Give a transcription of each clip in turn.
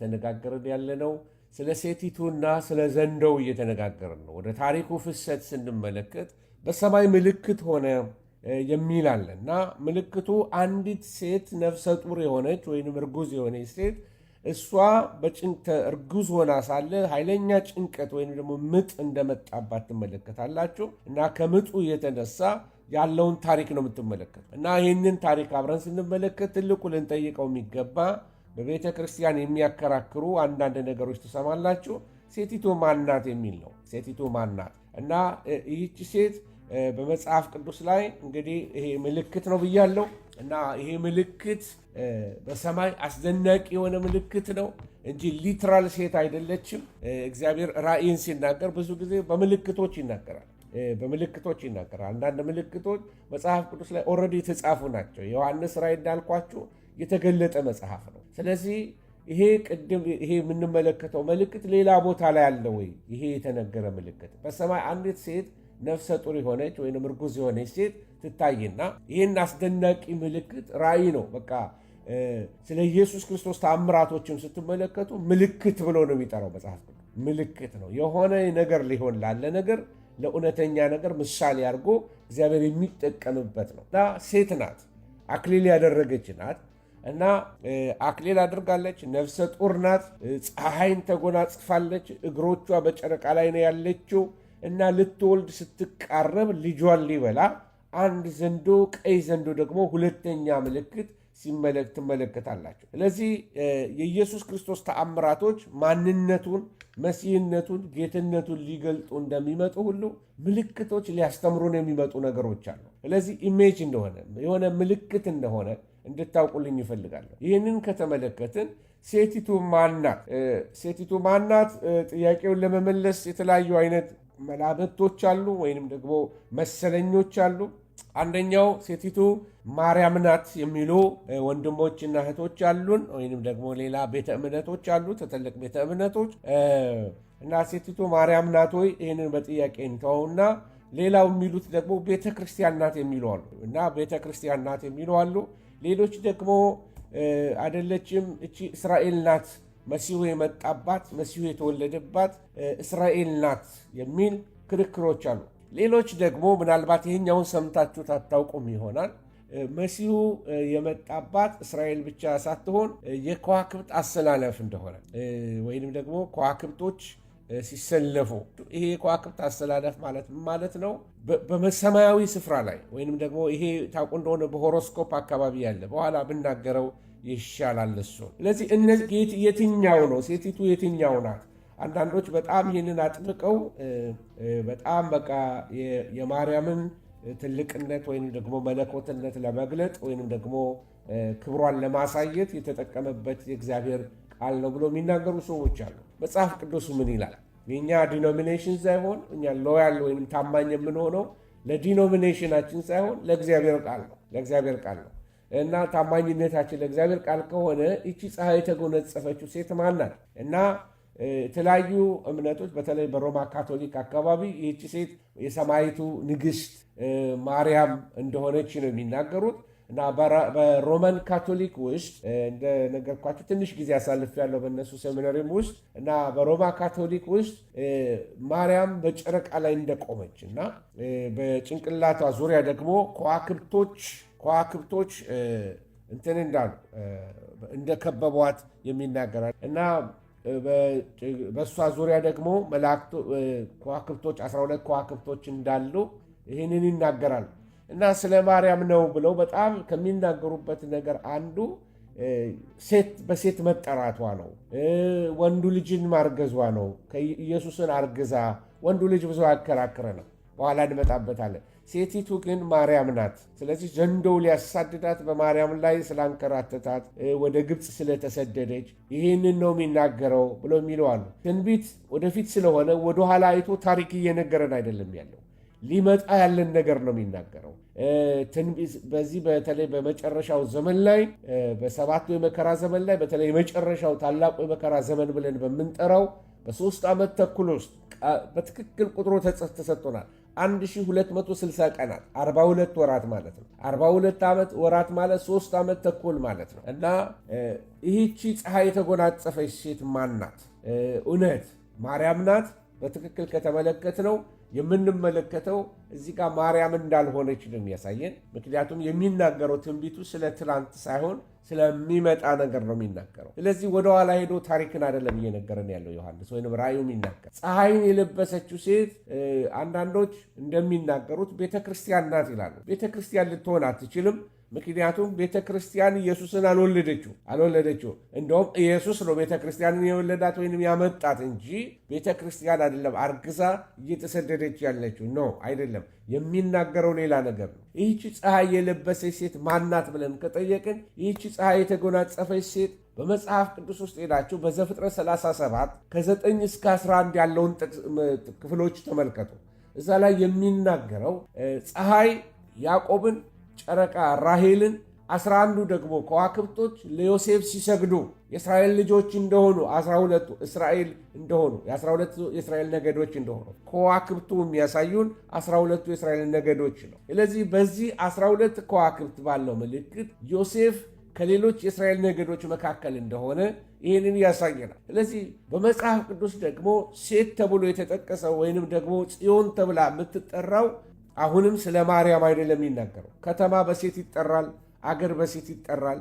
ተነጋገርን ነው። ስለ ሴቲቱና ስለ ዘንዶው እየተነጋገርን ነው። ወደ ታሪኩ ፍሰት ስንመለከት በሰማይ ምልክት ሆነ የሚል አለ እና ምልክቱ አንዲት ሴት ነፍሰ ጡር የሆነች ወይም እርጉዝ የሆነች ሴት እሷ እርጉዝ ሆና ሳለ ኃይለኛ ጭንቀት ወይም ደግሞ ምጥ እንደመጣባት ትመለከታላችሁ እና ከምጡ የተነሳ ያለውን ታሪክ ነው የምትመለከት እና ይህንን ታሪክ አብረን ስንመለከት ትልቁ ልንጠይቀው የሚገባ በቤተ ክርስቲያን የሚያከራክሩ አንዳንድ ነገሮች ትሰማላችሁ። ሴቲቱ ማናት የሚል ነው። ሴቲቱ ማናት እና ይህች ሴት በመጽሐፍ ቅዱስ ላይ እንግዲህ ይሄ ምልክት ነው ብያለው እና ይሄ ምልክት በሰማይ አስደናቂ የሆነ ምልክት ነው እንጂ ሊትራል ሴት አይደለችም። እግዚአብሔር ራእይን ሲናገር ብዙ ጊዜ በምልክቶች ይናገራል በምልክቶች ይናገራል። አንዳንድ ምልክቶች መጽሐፍ ቅዱስ ላይ ኦልሬዲ የተጻፉ ናቸው። ዮሐንስ ራእይ እንዳልኳችሁ የተገለጠ መጽሐፍ ነው። ስለዚህ ይሄ ቅድም ይሄ የምንመለከተው ምልክት ሌላ ቦታ ላይ አለ ወይ? ይሄ የተነገረ ምልክት በሰማይ አንዲት ሴት ነፍሰ ጡር የሆነች ወይም እርጉዝ የሆነች ሴት ትታይና ይህን አስደናቂ ምልክት ራእይ ነው። በቃ ስለ ኢየሱስ ክርስቶስ ተአምራቶችም ስትመለከቱ ምልክት ብሎ ነው የሚጠራው መጽሐፍ ምልክት ነው የሆነ ነገር ሊሆን ላለ ነገር ለእውነተኛ ነገር ምሳሌ አድርጎ እግዚአብሔር የሚጠቀምበት ነው እና ሴት ናት፣ አክሊል ያደረገች ናት። እና አክሊል አድርጋለች። ነፍሰ ጡር ናት። ፀሐይን ተጎናጽፋለች። እግሮቿ በጨረቃ ላይ ነው ያለችው እና ልትወልድ ስትቃረብ ልጇን ሊበላ አንድ ዘንዶ፣ ቀይ ዘንዶ ደግሞ ሁለተኛ ምልክት ሲመለክ ትመለከታላቸው። ስለዚህ የኢየሱስ ክርስቶስ ተአምራቶች ማንነቱን፣ መሲህነቱን፣ ጌትነቱን ሊገልጡ እንደሚመጡ ሁሉ ምልክቶች ሊያስተምሩን የሚመጡ ነገሮች አሉ። ስለዚህ ኢሜጅ እንደሆነ የሆነ ምልክት እንደሆነ እንድታውቁልኝ ይፈልጋለሁ። ይህንን ከተመለከትን ሴቲቱ ማናት? ሴቲቱ ማናት? ጥያቄውን ለመመለስ የተለያዩ አይነት መላበቶች አሉ፣ ወይንም ደግሞ መሰለኞች አሉ። አንደኛው ሴቲቱ ማርያም ናት የሚሉ ወንድሞችና እህቶች አሉን፣ ወይንም ደግሞ ሌላ ቤተ እምነቶች አሉ፣ ትልቅ ቤተ እምነቶች እና ሴቲቱ ማርያም ናት ወይ? ይህንን በጥያቄ እንተውና ሌላው የሚሉት ደግሞ ቤተ ክርስቲያን ናት የሚሉ አሉ እና ቤተ ክርስቲያን ናት የሚሉ አሉ ሌሎች ደግሞ አደለችም እቺ እስራኤል ናት መሲሁ የመጣባት መሲሁ የተወለደባት እስራኤል ናት የሚል ክርክሮች አሉ። ሌሎች ደግሞ ምናልባት ይሄኛውን ሰምታችሁት አታውቁም ይሆናል። መሲሁ የመጣባት እስራኤል ብቻ ሳትሆን የከዋክብት አሰላለፍ እንደሆነ ወይንም ደግሞ ከዋክብቶች ሲሰለፉ ይሄ የከዋክብት አስተላለፍ ማለት ማለት ነው። በሰማያዊ ስፍራ ላይ ወይንም ደግሞ ይሄ ታውቁ እንደሆነ በሆሮስኮፕ አካባቢ ያለ በኋላ ብናገረው ይሻላል እሱ። ስለዚህ እነዚህ የትኛው ነው ሴቲቱ የትኛው ናት? አንዳንዶች በጣም ይህንን አጥብቀው በጣም በቃ የማርያምን ትልቅነት ወይም ደግሞ መለኮትነት ለመግለጥ ወይም ደግሞ ክብሯን ለማሳየት የተጠቀመበት የእግዚአብሔር ቃል ነው ብሎ የሚናገሩ ሰዎች አሉ። መጽሐፍ ቅዱሱ ምን ይላል? የእኛ ዲኖሚኔሽን ሳይሆን እኛ ሎያል ወይም ታማኝ የምንሆነው ለዲኖሚኔሽናችን ሳይሆን ለእግዚአብሔር ቃል ነው ለእግዚአብሔር ቃል ነው እና ታማኝነታችን ለእግዚአብሔር ቃል ከሆነ ይቺ ፀሐይ የተጎነጸፈችው ሴት ማን ናት? እና የተለያዩ እምነቶች በተለይ በሮማ ካቶሊክ አካባቢ ይቺ ሴት የሰማይቱ ንግሥት ማርያም እንደሆነች ነው የሚናገሩት። እና በሮማን ካቶሊክ ውስጥ እንደነገርኳቸው ትንሽ ጊዜ አሳልፍ ያለው በእነሱ ሴሚናሪም ውስጥ እና በሮማ ካቶሊክ ውስጥ ማርያም በጨረቃ ላይ እንደቆመች እና በጭንቅላቷ ዙሪያ ደግሞ ከዋክብቶች ከዋክብቶች እንትን እንዳሉ እንደከበቧት የሚናገራል እና በእሷ ዙሪያ ደግሞ መላእክቱ ከዋክብቶች 12 ከዋክብቶች እንዳሉ ይህንን ይናገራል። እና ስለ ማርያም ነው ብለው በጣም ከሚናገሩበት ነገር አንዱ በሴት መጠራቷ ነው። ወንዱ ልጅን ማርገዟ ነው። ኢየሱስን አርግዛ ወንዱ ልጅ ብዙ ነው፣ በኋላ እንመጣበታለን። ሴቲቱ ግን ማርያም ናት። ስለዚህ ዘንዶው ሊያሳድዳት በማርያም ላይ ስላንከራተታት ወደ ግብፅ ስለተሰደደች ይህንን ነው የሚናገረው ብሎ የሚለዋሉ። ትንቢት ወደፊት ስለሆነ ወደኋላ አይቶ ታሪክ እየነገረን አይደለም ያለው ሊመጣ ያለን ነገር ነው የሚናገረው። በዚህ በተለይ በመጨረሻው ዘመን ላይ በሰባቱ የመከራ ዘመን ላይ በተለይ የመጨረሻው ታላቁ የመከራ ዘመን ብለን በምንጠራው በሶስት ዓመት ተኩል ውስጥ በትክክል ቁጥሩ ተሰጥቶናል። 1260 ቀናት 42 ወራት ማለት ነው። 42 ዓመት ወራት ማለት ሶስት ዓመት ተኩል ማለት ነው እና ይህቺ ፀሐይ የተጎናጸፈች ሴት ማን ናት? እውነት ማርያም ናት? በትክክል ከተመለከት ነው የምንመለከተው እዚህ ጋር ማርያም እንዳልሆነች ነው የሚያሳየን። ምክንያቱም የሚናገረው ትንቢቱ ስለ ትላንት ሳይሆን ስለሚመጣ ነገር ነው የሚናገረው። ስለዚህ ወደኋላ ሄዶ ታሪክን አይደለም እየነገረን ያለው ዮሐንስ ወይም ራእዩ የሚናገር ፀሐይን የለበሰችው ሴት አንዳንዶች እንደሚናገሩት ቤተክርስቲያን ናት ይላሉ። ቤተክርስቲያን ልትሆን አትችልም። ምክንያቱም ቤተ ክርስቲያን ኢየሱስን አልወለደችው አልወለደችው። እንደውም ኢየሱስ ነው ቤተ ክርስቲያንን የወለዳት ወይም ያመጣት እንጂ ቤተ ክርስቲያን አይደለም አርግዛ እየተሰደደች ያለችው ነው አይደለም። የሚናገረው ሌላ ነገር ነው። ይህቺ ፀሐይ የለበሰች ሴት ማናት ብለን ከጠየቅን ይህቺ ፀሐይ የተጎናጸፈች ሴት በመጽሐፍ ቅዱስ ውስጥ ሄዳችሁ በዘፍጥረት 37 ከ9 እስከ 11 ያለውን ክፍሎች ተመልከቱ። እዛ ላይ የሚናገረው ፀሐይ ያዕቆብን ጨረቃ ራሄልን አስራ አንዱ ደግሞ ከዋክብቶች ለዮሴፍ ሲሰግዱ የእስራኤል ልጆች እንደሆኑ አስራ ሁለቱ እስራኤል እንደሆኑ የአስራ ሁለቱ የእስራኤል ነገዶች እንደሆኑ ከዋክብቱ የሚያሳዩን አስራ ሁለቱ የእስራኤል ነገዶች ነው። ስለዚህ በዚህ አስራ ሁለት ከዋክብት ባለው ምልክት ዮሴፍ ከሌሎች የእስራኤል ነገዶች መካከል እንደሆነ ይህንን ያሳየናል። ስለዚህ በመጽሐፍ ቅዱስ ደግሞ ሴት ተብሎ የተጠቀሰው ወይንም ደግሞ ጽዮን ተብላ የምትጠራው አሁንም ስለ ማርያም አይደለም የሚናገረው። ከተማ በሴት ይጠራል፣ አገር በሴት ይጠራል።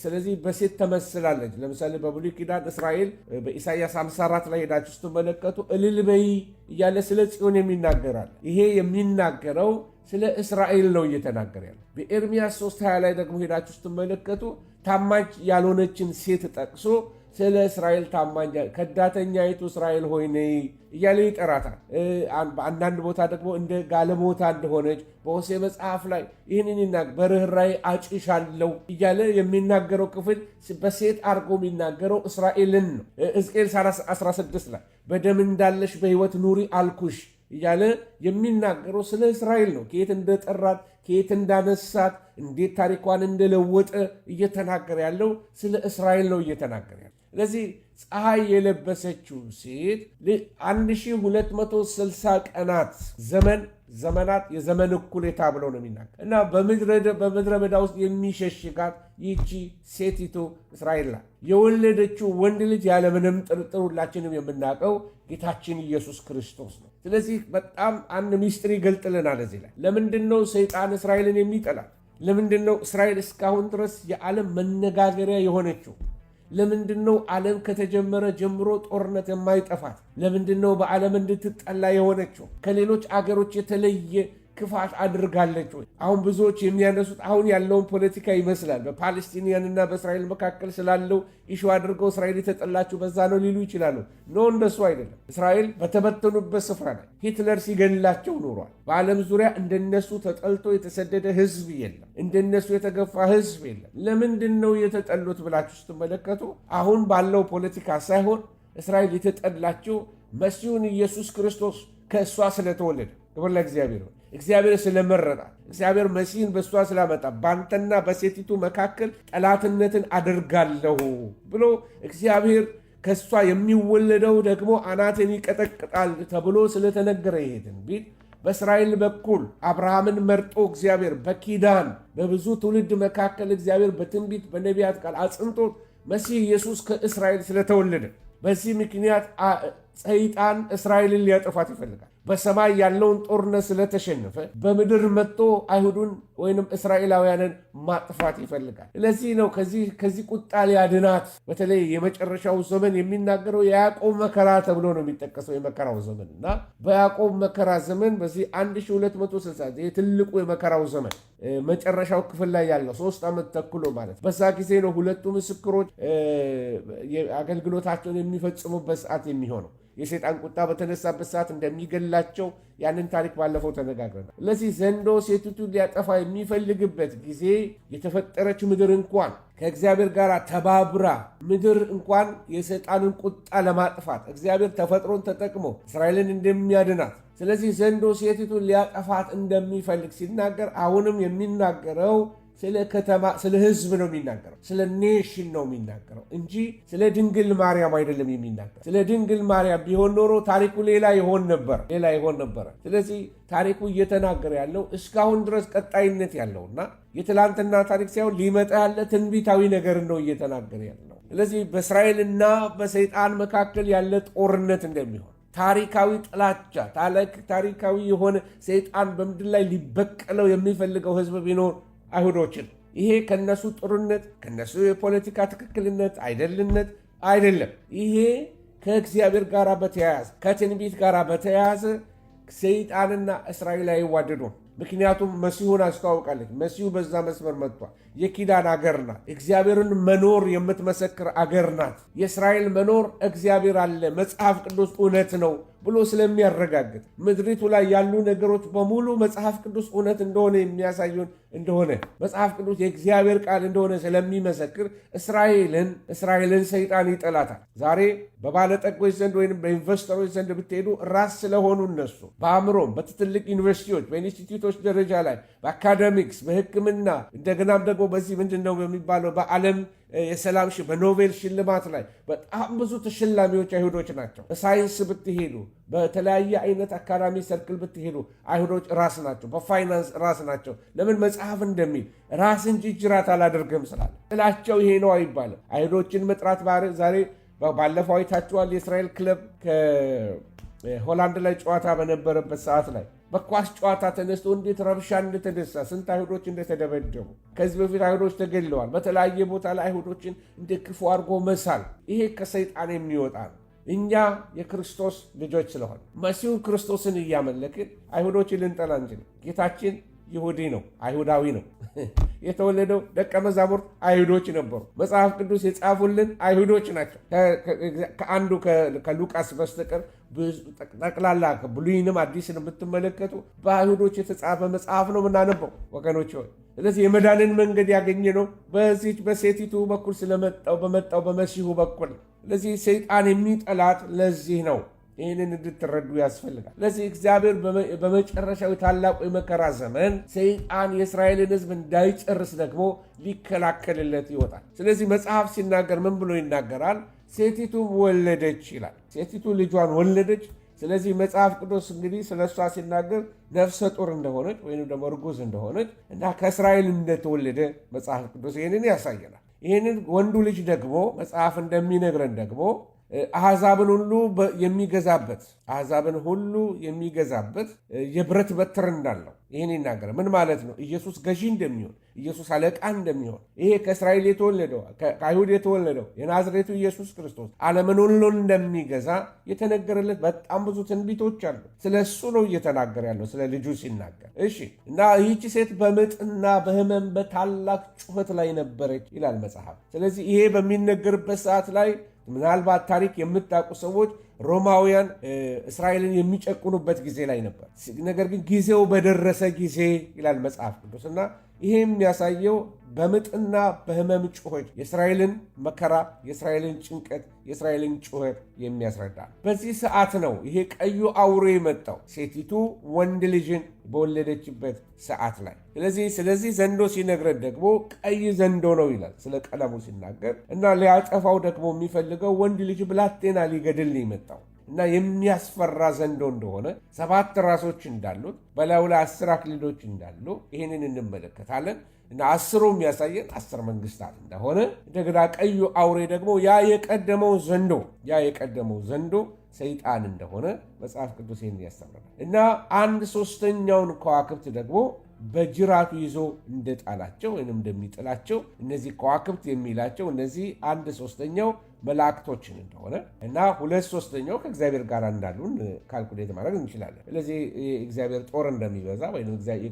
ስለዚህ በሴት ተመስላለች። ለምሳሌ በብሉይ ኪዳን እስራኤል በኢሳያስ 54 ላይ ሄዳችሁ ስትመለከቱ እልል በይ እያለ ስለ ጽዮን የሚናገራል። ይሄ የሚናገረው ስለ እስራኤል ነው እየተናገረ ያለ። በኤርሚያስ 3 20 ላይ ደግሞ ሄዳችሁ ስትመለከቱ ታማጅ ያልሆነችን ሴት ጠቅሶ ስለ እስራኤል ታማኝ ከዳተኛይቱ እስራኤል ሆይ ነይ እያለ ይጠራታል። በአንዳንድ ቦታ ደግሞ እንደ ጋለሞታ እንደሆነች በሆሴ መጽሐፍ ላይ ይህንን ይናገር በርኅራኄ አጭሻለሁ እያለ የሚናገረው ክፍል በሴት አድርጎ የሚናገረው እስራኤልን ነው። ሕዝቅኤል 16 ላይ በደም እንዳለሽ በሕይወት ኑሪ አልኩሽ እያለ የሚናገረው ስለ እስራኤል ነው። ከየት እንደጠራት ከየት እንዳነሳት እንዴት ታሪኳን እንደለወጠ እየተናገረ ያለው ስለ እስራኤል ነው እየተናገረ ያለው። ስለዚህ ፀሐይ የለበሰችው ሴት 1260 ቀናት ዘመን ዘመናት የዘመን እኩሌታ ብሎ ነው የሚናገር እና በምድረ በዳ ውስጥ የሚሸሽጋት ይቺ ሴቲቱ እስራኤል ናት። የወለደችው ወንድ ልጅ ያለምንም ጥርጥር ሁላችንም የምናውቀው ጌታችን ኢየሱስ ክርስቶስ ነው። ስለዚህ በጣም አንድ ሚስጥር ይገልጥልናል እዚህ ላይ። ለምንድን ነው ሰይጣን እስራኤልን የሚጠላት? ለምንድን ነው እስራኤል እስካሁን ድረስ የዓለም መነጋገሪያ የሆነችው? ለምንድን ነው ዓለም ከተጀመረ ጀምሮ ጦርነት የማይጠፋት? ለምንድን ነው በዓለም እንድትጠላ የሆነችው? ከሌሎች አገሮች የተለየ ክፋት አድርጋለች ወይ? አሁን ብዙዎች የሚያነሱት አሁን ያለውን ፖለቲካ ይመስላል። በፓለስቲንያንና በእስራኤል መካከል ስላለው ኢሹ አድርገው እስራኤል የተጠላችው በዛ ነው ሊሉ ይችላሉ። ኖ እንደሱ አይደለም። እስራኤል በተበተኑበት ስፍራ ላይ ሂትለር ሲገድላቸው ኖሯል። በዓለም ዙሪያ እንደነሱ ተጠልቶ የተሰደደ ህዝብ የለም። እንደነሱ የተገፋ ህዝብ የለም። ለምንድን ነው የተጠሉት ብላችሁ ስትመለከቱ አሁን ባለው ፖለቲካ ሳይሆን እስራኤል የተጠላችው መሲሁን ኢየሱስ ክርስቶስ ከእሷ ስለተወለደ። ክብር ለእግዚአብሔር። እግዚአብሔር ስለመረጣት እግዚአብሔር መሲህን በእሷ ስላመጣ በአንተና በሴቲቱ መካከል ጠላትነትን አደርጋለሁ ብሎ እግዚአብሔር ከእሷ የሚወለደው ደግሞ አናትን ይቀጠቅጣል ተብሎ ስለተነገረ ይሄ ትንቢት በእስራኤል በኩል አብርሃምን መርጦ እግዚአብሔር በኪዳን በብዙ ትውልድ መካከል እግዚአብሔር በትንቢት በነቢያት ቃል አጽንቶ መሲህ ኢየሱስ ከእስራኤል ስለተወለደ በዚህ ምክንያት ሰይጣን እስራኤልን ሊያጠፋት ይፈልጋል። በሰማይ ያለውን ጦርነት ስለተሸነፈ በምድር መጥቶ አይሁዱን ወይንም እስራኤላውያንን ማጥፋት ይፈልጋል። ለዚህ ነው ከዚህ ቁጣ ሊያድናት በተለይ የመጨረሻው ዘመን የሚናገረው የያዕቆብ መከራ ተብሎ ነው የሚጠቀሰው የመከራው ዘመን እና በያዕቆብ መከራ ዘመን በዚህ 1260 ትልቁ የመከራው ዘመን መጨረሻው ክፍል ላይ ያለው ሶስት ዓመት ተኩሎ ማለት በዛ ጊዜ ነው ሁለቱ ምስክሮች አገልግሎታቸውን የሚፈጽሙበት ሰዓት የሚሆነው። የሰይጣን ቁጣ በተነሳበት ሰዓት እንደሚገላቸው ያንን ታሪክ ባለፈው ተነጋግረናል። ስለዚህ ዘንዶ ሴቲቱን ሊያጠፋ የሚፈልግበት ጊዜ የተፈጠረች ምድር እንኳን ከእግዚአብሔር ጋር ተባብራ ምድር እንኳን የሰይጣንን ቁጣ ለማጥፋት እግዚአብሔር ተፈጥሮን ተጠቅሞ እስራኤልን እንደሚያድናት ስለዚህ ዘንዶ ሴቲቱን ሊያጠፋት እንደሚፈልግ ሲናገር አሁንም የሚናገረው ስለ ከተማ ስለ ህዝብ ነው የሚናገረው፣ ስለ ኔሽን ነው የሚናገረው እንጂ ስለ ድንግል ማርያም አይደለም የሚናገረው። ስለ ድንግል ማርያም ቢሆን ኖሮ ታሪኩ ሌላ ይሆን ነበር፣ ሌላ ይሆን ነበረ። ስለዚህ ታሪኩ እየተናገረ ያለው እስካሁን ድረስ ቀጣይነት ያለውና የትላንትና ታሪክ ሳይሆን ሊመጣ ያለ ትንቢታዊ ነገር ነው እየተናገረ ያለው። ስለዚህ በእስራኤልና በሰይጣን መካከል ያለ ጦርነት እንደሚሆን ታሪካዊ ጥላቻ ታሪካዊ የሆነ ሰይጣን በምድር ላይ ሊበቀለው የሚፈልገው ህዝብ ቢኖር አይሁዶችን። ይሄ ከነሱ ጥሩነት ከነሱ የፖለቲካ ትክክልነት አይደልነት አይደለም። ይሄ ከእግዚአብሔር ጋር በተያያዘ ከትንቢት ጋር በተያያዘ ሰይጣንና እስራኤል አይዋደዱም። ምክንያቱም መሲሁን አስተዋውቃለች። መሲሁ በዛ መስመር መጥቷል። የኪዳን አገር ናት። እግዚአብሔርን መኖር የምትመሰክር አገር ናት። የእስራኤል መኖር እግዚአብሔር አለ፣ መጽሐፍ ቅዱስ እውነት ነው ብሎ ስለሚያረጋግጥ ምድሪቱ ላይ ያሉ ነገሮች በሙሉ መጽሐፍ ቅዱስ እውነት እንደሆነ የሚያሳዩን እንደሆነ መጽሐፍ ቅዱስ የእግዚአብሔር ቃል እንደሆነ ስለሚመሰክር እስራኤልን እስራኤልን ሰይጣን ይጠላታል። ዛሬ በባለጠጎች ዘንድ ወይም በኢንቨስተሮች ዘንድ ብትሄዱ ራስ ስለሆኑ እነሱ በአእምሮም በትትልቅ ዩኒቨርሲቲዎች በኢንስቲትዩቶች ደረጃ ላይ በአካደሚክስ በሕክምና እንደገናም ደግሞ በዚህ ምንድን ነው የሚባለው በዓለም የሰላም በኖቤል ሽልማት ላይ በጣም ብዙ ተሸላሚዎች አይሁዶች ናቸው። በሳይንስ ብትሄዱ፣ በተለያየ አይነት አካዳሚ ሰርክል ብትሄዱ አይሁዶች ራስ ናቸው። በፋይናንስ ራስ ናቸው። ለምን መጽሐፍ እንደሚል ራስ እንጂ ጅራት አላደርግም ስላለ ስላቸው ይሄ ነው አይባልም። አይሁዶችን መጥራት ዛሬ ባለፈው አይታችኋል። የእስራኤል ክለብ ሆላንድ ላይ ጨዋታ በነበረበት ሰዓት ላይ በኳስ ጨዋታ ተነስቶ እንዴት ረብሻ እንደተነሳ ስንት አይሁዶች እንደተደበደቡ ከዚህ በፊት አይሁዶች ተገለዋል። በተለያየ ቦታ ላይ አይሁዶችን እንደ ክፉ አድርጎ መሳል ይሄ ከሰይጣን የሚወጣ ነው። እኛ የክርስቶስ ልጆች ስለሆን መሲሁ ክርስቶስን እያመለክን አይሁዶችን ልንጠላ እንችላለን። ጌታችን ይሁዲ ነው፣ አይሁዳዊ ነው። የተወለደው ደቀ መዛሙርት አይሁዶች ነበሩ። መጽሐፍ ቅዱስ የጻፉልን አይሁዶች ናቸው። ከአንዱ ከሉቃስ በስተቀር ጠቅላላ ብሉይንም አዲስን የምትመለከቱ በአይሁዶች የተጻፈ መጽሐፍ ነው የምናነበው ወገኖች። ስለዚህ የመዳንን መንገድ ያገኘ ነው በዚች በሴቲቱ በኩል ስለመጣው በመጣው በመሲሁ በኩል። ስለዚህ ሰይጣን የሚጠላት ለዚህ ነው። ይህንን እንድትረዱ ያስፈልጋል። ለዚህ እግዚአብሔር በመጨረሻው ታላቁ የመከራ ዘመን ሰይጣን የእስራኤልን ሕዝብ እንዳይጨርስ ደግሞ ሊከላከልለት ይወጣል። ስለዚህ መጽሐፍ ሲናገር ምን ብሎ ይናገራል? ሴቲቱም ወለደች ይላል። ሴቲቱ ልጇን ወለደች። ስለዚህ መጽሐፍ ቅዱስ እንግዲህ ስለ እሷ ሲናገር ነፍሰ ጡር እንደሆነች ወይም ደግሞ እርጉዝ እንደሆነች እና ከእስራኤል እንደተወለደ መጽሐፍ ቅዱስ ይህንን ያሳየናል። ይህንን ወንዱ ልጅ ደግሞ መጽሐፍ እንደሚነግረን ደግሞ አሕዛብን ሁሉ የሚገዛበት አሕዛብን ሁሉ የሚገዛበት የብረት በትር እንዳለው ይህን ይናገረ። ምን ማለት ነው? ኢየሱስ ገዢ እንደሚሆን ኢየሱስ አለቃ እንደሚሆን ይሄ ከእስራኤል የተወለደው ከአይሁድ የተወለደው የናዝሬቱ ኢየሱስ ክርስቶስ ዓለምን ሁሉ እንደሚገዛ የተነገረለት በጣም ብዙ ትንቢቶች አሉ። ስለ እሱ ነው እየተናገረ ያለው ስለ ልጁ ሲናገር። እሺ እና ይህቺ ሴት በምጥና በህመም በታላቅ ጩኸት ላይ ነበረች ይላል መጽሐፍ። ስለዚህ ይሄ በሚነገርበት ሰዓት ላይ ምናልባት ታሪክ የምታውቁ ሰዎች ሮማውያን እስራኤልን የሚጨቁኑበት ጊዜ ላይ ነበር። ነገር ግን ጊዜው በደረሰ ጊዜ ይላል መጽሐፍ ቅዱስና ይህም የሚያሳየው በምጥና በህመም ጩኸት የእስራኤልን መከራ፣ የእስራኤልን ጭንቀት፣ የእስራኤልን ጩኸት የሚያስረዳ በዚህ ሰዓት ነው ይሄ ቀዩ አውሬ የመጣው ሴቲቱ ወንድ ልጅን በወለደችበት ሰዓት ላይ። ስለዚህ ስለዚህ ዘንዶ ሲነግረን ደግሞ ቀይ ዘንዶ ነው ይላል ስለ ቀለሙ ሲናገር እና ሊያጠፋው ደግሞ የሚፈልገው ወንድ ልጅ ብላቴና ሊገድል የመጣው እና የሚያስፈራ ዘንዶ እንደሆነ ሰባት ራሶች እንዳሉት በላዩ ላይ አስር አክሊሎች እንዳሉ ይህንን እንመለከታለን። እና አስሩ የሚያሳየን አስር መንግስታት እንደሆነ እንደገና ቀዩ አውሬ ደግሞ ያ የቀደመው ዘንዶ ያ የቀደመው ዘንዶ ሰይጣን እንደሆነ መጽሐፍ ቅዱስ ይህን ያስተምረናል። እና አንድ ሶስተኛውን ከዋክብት ደግሞ በጅራቱ ይዞ እንደጣላቸው ወይም እንደሚጥላቸው እነዚህ ከዋክብት የሚላቸው እነዚህ አንድ ሶስተኛው መላእክቶችን እንደሆነ እና ሁለት ሶስተኛው ከእግዚአብሔር ጋር እንዳሉን ካልኩሌት ማድረግ እንችላለን። ስለዚህ የእግዚአብሔር ጦር እንደሚበዛ ወይም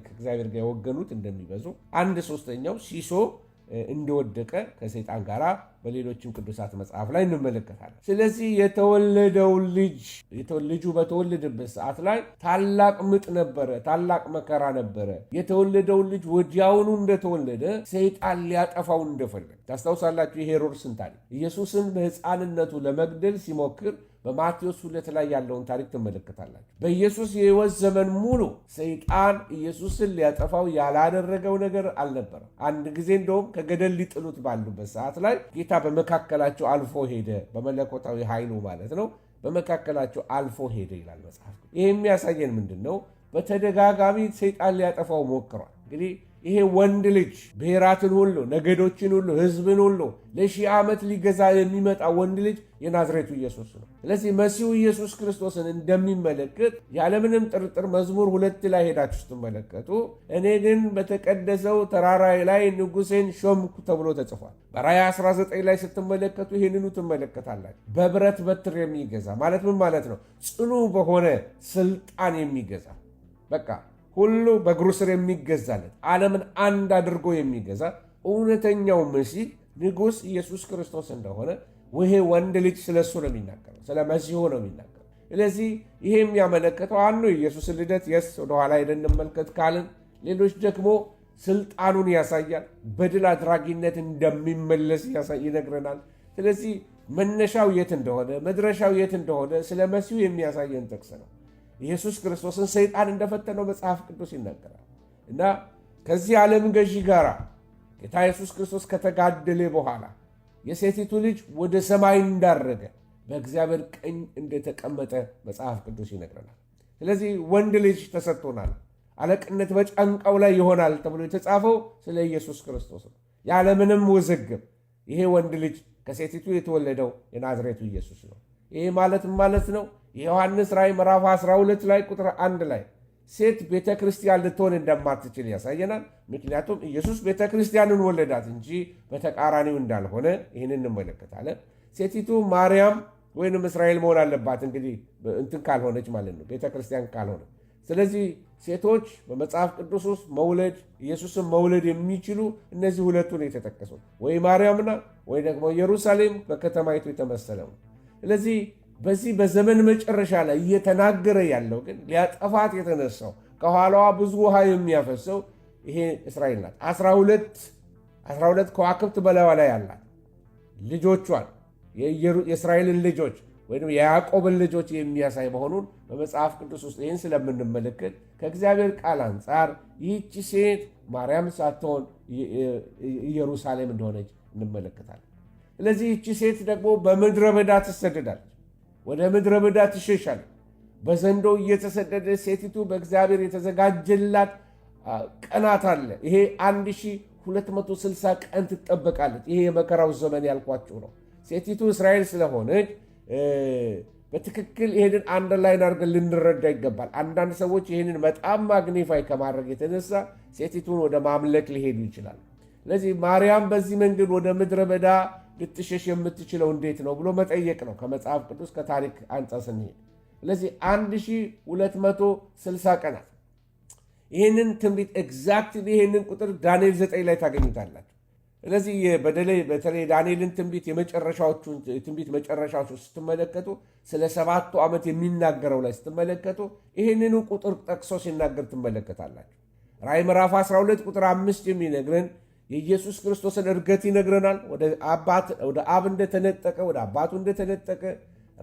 ከእግዚአብሔር ጋር የወገኑት እንደሚበዙ አንድ ሶስተኛው ሲሶ እንደወደቀ ከሰይጣን ጋር በሌሎችም ቅዱሳት መጽሐፍ ላይ እንመለከታለን። ስለዚህ የተወለደው ልጅ ልጁ በተወለደበት ሰዓት ላይ ታላቅ ምጥ ነበረ፣ ታላቅ መከራ ነበረ። የተወለደው ልጅ ወዲያውኑ እንደተወለደ ሰይጣን ሊያጠፋው እንደፈለገ ታስታውሳላችሁ። የሄሮድስን ታሪክ ኢየሱስን በሕፃንነቱ ለመግደል ሲሞክር በማቴዎስ ሁለት ላይ ያለውን ታሪክ ትመለከታላችሁ። በኢየሱስ የህይወት ዘመን ሙሉ ሰይጣን ኢየሱስን ሊያጠፋው ያላደረገው ነገር አልነበረም። አንድ ጊዜ እንደውም ከገደል ሊጥሉት ባሉበት ሰዓት ላይ ጌታ በመካከላቸው አልፎ ሄደ፣ በመለኮታዊ ኃይሉ ማለት ነው። በመካከላቸው አልፎ ሄደ ይላል መጽሐፍ። ይህ የሚያሳየን ምንድን ነው? በተደጋጋሚ ሰይጣን ሊያጠፋው ሞክሯል። እንግዲህ ይሄ ወንድ ልጅ ብሔራትን ሁሉ ነገዶችን ሁሉ ህዝብን ሁሉ ለሺህ ዓመት ሊገዛ የሚመጣ ወንድ ልጅ የናዝሬቱ ኢየሱስ ነው። ስለዚህ መሲሁ ኢየሱስ ክርስቶስን እንደሚመለከት ያለምንም ጥርጥር መዝሙር ሁለት ላይ ሄዳችሁ ስትመለከቱ እኔ ግን በተቀደሰው ተራራ ላይ ንጉሴን ሾምኩ ተብሎ ተጽፏል። በራእይ 19 ላይ ስትመለከቱ ይህንኑ ትመለከታላችሁ። በብረት በትር የሚገዛ ማለት ምን ማለት ነው? ጽኑ በሆነ ስልጣን የሚገዛ በቃ ሁሉ በእግሩ ስር የሚገዛለት ዓለምን አንድ አድርጎ የሚገዛ እውነተኛው መሲህ ንጉሥ ኢየሱስ ክርስቶስ እንደሆነ ይሄ ወንድ ልጅ ስለ እሱ ነው የሚናገረው፣ ስለ መሲሁ ነው የሚናገረው። ስለዚህ ይሄ የሚያመለከተው አንዱ የኢየሱስን ልደት የስ ወደኋላ ሄደን እንመልከት ካልን፣ ሌሎች ደግሞ ስልጣኑን ያሳያል፣ በድል አድራጊነት እንደሚመለስ ይነግረናል። ስለዚህ መነሻው የት እንደሆነ መድረሻው የት እንደሆነ ስለ መሲሁ የሚያሳየን ጥቅስ ነው። ኢየሱስ ክርስቶስን ሰይጣን እንደፈተነው መጽሐፍ ቅዱስ ይነገራል። እና ከዚህ ዓለም ገዢ ጋር ጌታ ኢየሱስ ክርስቶስ ከተጋደለ በኋላ የሴቲቱ ልጅ ወደ ሰማይ እንዳረገ በእግዚአብሔር ቀኝ እንደተቀመጠ መጽሐፍ ቅዱስ ይነግረናል። ስለዚህ ወንድ ልጅ ተሰጥቶናል፣ አለቅነት በጫንቃው ላይ ይሆናል ተብሎ የተጻፈው ስለ ኢየሱስ ክርስቶስ ነው ያለምንም ውዝግብ። ይሄ ወንድ ልጅ ከሴቲቱ የተወለደው የናዝሬቱ ኢየሱስ ነው። ይሄ ማለት ማለት ነው የዮሐንስ ራእይ ምዕራፍ 12 ላይ ቁጥር 1 ላይ ሴት ቤተ ክርስቲያን ልትሆን እንደማትችል ያሳየናል። ምክንያቱም ኢየሱስ ቤተ ክርስቲያንን ወለዳት እንጂ በተቃራኒው እንዳልሆነ ይህን እንመለከታለን። ሴቲቱ ማርያም ወይንም እስራኤል መሆን አለባት እንግዲህ እንትን ካልሆነች ማለት ነው፣ ቤተ ክርስቲያን ካልሆነ። ስለዚህ ሴቶች በመጽሐፍ ቅዱስ ውስጥ መውለድ ኢየሱስን መውለድ የሚችሉ እነዚህ ሁለቱን የተጠቀሱት ወይ ማርያምና ወይ ደግሞ ኢየሩሳሌም በከተማይቱ የተመሰለው ስለዚህ በዚህ በዘመን መጨረሻ ላይ እየተናገረ ያለው ግን ሊያጠፋት የተነሳው ከኋላዋ ብዙ ውሃ የሚያፈሰው ይሄ እስራኤል ናት። 12 ከዋክብት በላዋ ላይ ያላት ልጆቿን የእስራኤልን ልጆች ወይም የያዕቆብን ልጆች የሚያሳይ መሆኑን በመጽሐፍ ቅዱስ ውስጥ ይህን ስለምንመለከት ከእግዚአብሔር ቃል አንጻር ይህቺ ሴት ማርያም ሳትሆን ኢየሩሳሌም እንደሆነች እንመለከታለን። ስለዚህ ይቺ ሴት ደግሞ በምድረ በዳ ትሰደዳለች። ወደ ምድረ በዳ ትሸሻል። በዘንዶ እየተሰደደ ሴቲቱ በእግዚአብሔር የተዘጋጀላት ቀናት አለ። ይሄ 1260 ቀን ትጠበቃለች። ይሄ የመከራው ዘመን ያልኳቸው ነው። ሴቲቱ እስራኤል ስለሆነች በትክክል ይህንን አንደርላይን አድርገን ልንረዳ ይገባል። አንዳንድ ሰዎች ይህንን በጣም ማግኒፋይ ከማድረግ የተነሳ ሴቲቱን ወደ ማምለክ ሊሄዱ ይችላል። ስለዚህ ማርያም በዚህ መንገድ ወደ ምድረ በዳ ልትሸሽ የምትችለው እንዴት ነው ብሎ መጠየቅ ነው። ከመጽሐፍ ቅዱስ ከታሪክ አንጻር ስንሄድ ስለዚህ 1260 ቀናት ይህንን ትንቢት ኤግዛክት ይህንን ቁጥር ዳንኤል 9 ላይ ታገኙታላችሁ። ስለዚህ በተለይ ዳንኤልን ትንቢት የመጨረሻዎቹን ትንቢት መጨረሻዎቹ ስትመለከቱ ስለ ሰባቱ ዓመት የሚናገረው ላይ ስትመለከቱ ይህንኑ ቁጥር ጠቅሶ ሲናገር ትመለከታላችሁ። ራእይ ምዕራፍ 12 ቁጥር 5 የሚነግረን የኢየሱስ ክርስቶስን እርገት ይነግረናል። ወደ አብ እንደተነጠቀ ወደ አባቱ እንደተነጠቀ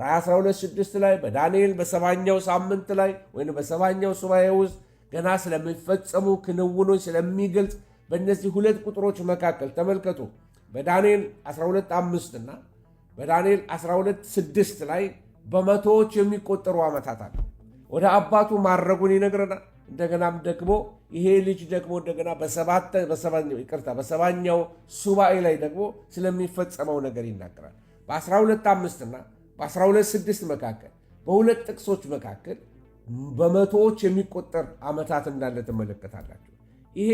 ራእይ 12፥6 ላይ በዳንኤል በሰባኛው ሳምንት ላይ ወይም በሰባኛው ሱባኤ ውስጥ ገና ስለሚፈጸሙ ክንውኖች ስለሚገልጽ በእነዚህ ሁለት ቁጥሮች መካከል ተመልከቱ። በዳንኤል 12፥5 እና በዳንኤል 12፥6 ላይ በመቶዎች የሚቆጠሩ ዓመታት አለ። ወደ አባቱ ማድረጉን ይነግረናል። እንደገናም ደግሞ ይሄ ልጅ ደግሞ እንደገና ይቅርታ በሰባኛው ሱባኤ ላይ ደግሞ ስለሚፈጸመው ነገር ይናገራል። በ12፥5 እና በ12፥6 መካከል በሁለት ጥቅሶች መካከል በመቶዎች የሚቆጠር ዓመታት እንዳለ ትመለከታላችሁ። ይሄ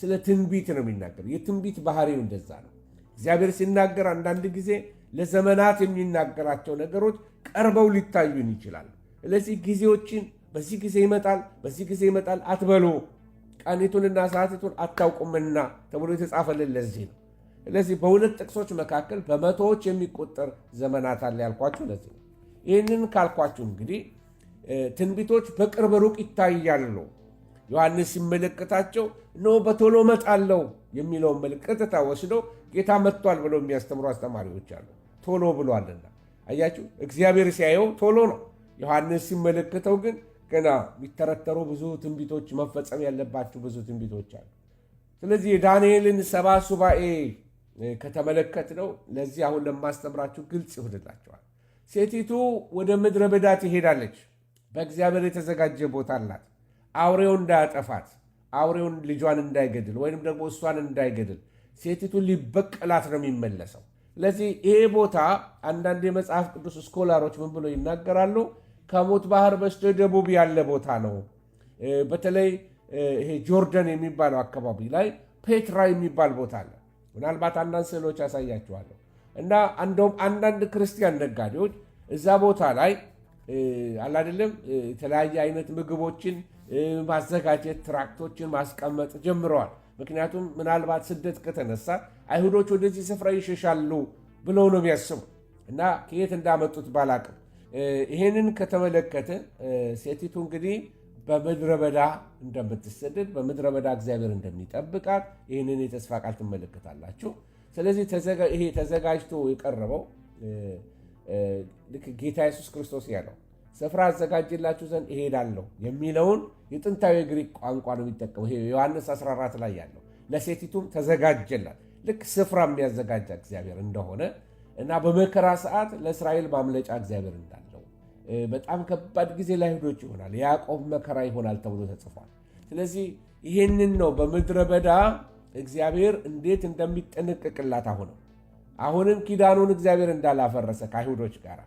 ስለ ትንቢት ነው የሚናገር። የትንቢት ባህሪው እንደዛ ነው። እግዚአብሔር ሲናገር አንዳንድ ጊዜ ለዘመናት የሚናገራቸው ነገሮች ቀርበው ሊታዩን ይችላል። ስለዚህ ጊዜዎችን በዚህ ጊዜ ይመጣል፣ በዚህ ጊዜ ይመጣል አትበሉ፣ ቀኒቱንና ሰዓቲቱን አታውቁምና ተብሎ የተጻፈልን ለዚህ ነው። ስለዚህ በሁለት ጥቅሶች መካከል በመቶዎች የሚቆጠር ዘመናት አለ ያልኳችሁ ለዚህ ነው። ይህንን ካልኳችሁ እንግዲህ ትንቢቶች በቅርብ ሩቅ ይታያሉ። ዮሐንስ ሲመለከታቸው ኖ በቶሎ መጣለው የሚለውን መልእክት ቀጥታ ጌታ መጥቷል ብለው የሚያስተምሩ አስተማሪዎች አሉ። ቶሎ ብሏልና አያችሁ፣ እግዚአብሔር ሲያየው ቶሎ ነው። ዮሐንስ ሲመለከተው ግን ገና የሚተረተሩ ብዙ ትንቢቶች መፈጸም ያለባቸው ብዙ ትንቢቶች አሉ። ስለዚህ የዳንኤልን ሰባ ሱባኤ ከተመለከት ነው ለዚህ አሁን ለማስተምራችሁ ግልጽ ይሆንላቸዋል። ሴቲቱ ወደ ምድረ በዳ ትሄዳለች። በእግዚአብሔር የተዘጋጀ ቦታ አላት። አውሬው እንዳያጠፋት፣ አውሬውን ልጇን እንዳይገድል ወይም ደግሞ እሷን እንዳይገድል ሴቲቱ ሊበቀላት ነው የሚመለሰው። ስለዚህ ይሄ ቦታ አንዳንድ የመጽሐፍ ቅዱስ ስኮላሮች ምን ብሎ ይናገራሉ? ከሞት ባህር በስተ ደቡብ ያለ ቦታ ነው። በተለይ ይሄ ጆርደን የሚባለው አካባቢ ላይ ፔትራ የሚባል ቦታ አለ። ምናልባት አንዳንድ ስዕሎች ያሳያችኋለሁ። እና እንደውም አንዳንድ ክርስቲያን ነጋዴዎች እዛ ቦታ ላይ አላደለም የተለያየ አይነት ምግቦችን ማዘጋጀት፣ ትራክቶችን ማስቀመጥ ጀምረዋል። ምክንያቱም ምናልባት ስደት ከተነሳ አይሁዶች ወደዚህ ስፍራ ይሸሻሉ ብለው ነው የሚያስቡ እና ከየት እንዳመጡት ባላቅም ይህንን ከተመለከተ ሴቲቱ እንግዲህ በምድረ በዳ እንደምትሰደድ በምድረ በዳ እግዚአብሔር እንደሚጠብቃት ይህንን የተስፋ ቃል ትመለከታላችሁ። ስለዚህ ይሄ ተዘጋጅቶ የቀረበው ልክ ጌታ ኢየሱስ ክርስቶስ ያለው ስፍራ አዘጋጅላችሁ ዘንድ እሄዳለሁ የሚለውን የጥንታዊ ግሪክ ቋንቋ ነው የሚጠቀመው። ይሄ ዮሐንስ 14 ላይ ያለው ለሴቲቱም ተዘጋጀላት፣ ልክ ስፍራ የሚያዘጋጃ እግዚአብሔር እንደሆነ እና በመከራ ሰዓት ለእስራኤል ማምለጫ እግዚአብሔር እንዳለ በጣም ከባድ ጊዜ ለአይሁዶች ይሆናል፣ የያዕቆብ መከራ ይሆናል ተብሎ ተጽፏል። ስለዚህ ይህንን ነው በምድረ በዳ እግዚአብሔር እንዴት እንደሚጠነቀቅላት አሁንም አሁንም ኪዳኑን እግዚአብሔር እንዳላፈረሰ ከአይሁዶች ጋር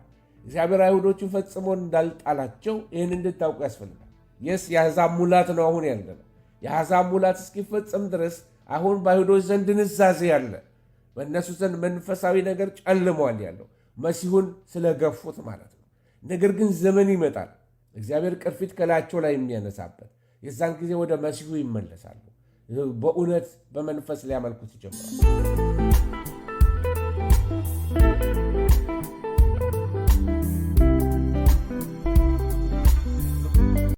እግዚአብሔር አይሁዶቹን ፈጽሞ እንዳልጣላቸው ይህን እንድታውቁ ያስፈልጋል። የስ የአሕዛብ ሙላት ነው አሁን ያለ የአሕዛብ ሙላት እስኪፈጸም ድረስ አሁን በአይሁዶች ዘንድ ንዛዜ ያለ በእነሱ ዘንድ መንፈሳዊ ነገር ጨልመዋል ያለው መሲሁን ስለገፉት ማለት ነው። ነገር ግን ዘመን ይመጣል፣ እግዚአብሔር ቅርፊት ከላያቸው ላይ የሚያነሳበት የዛን ጊዜ ወደ መሲሁ ይመለሳሉ። በእውነት በመንፈስ ሊያመልኩት ይጀምራል።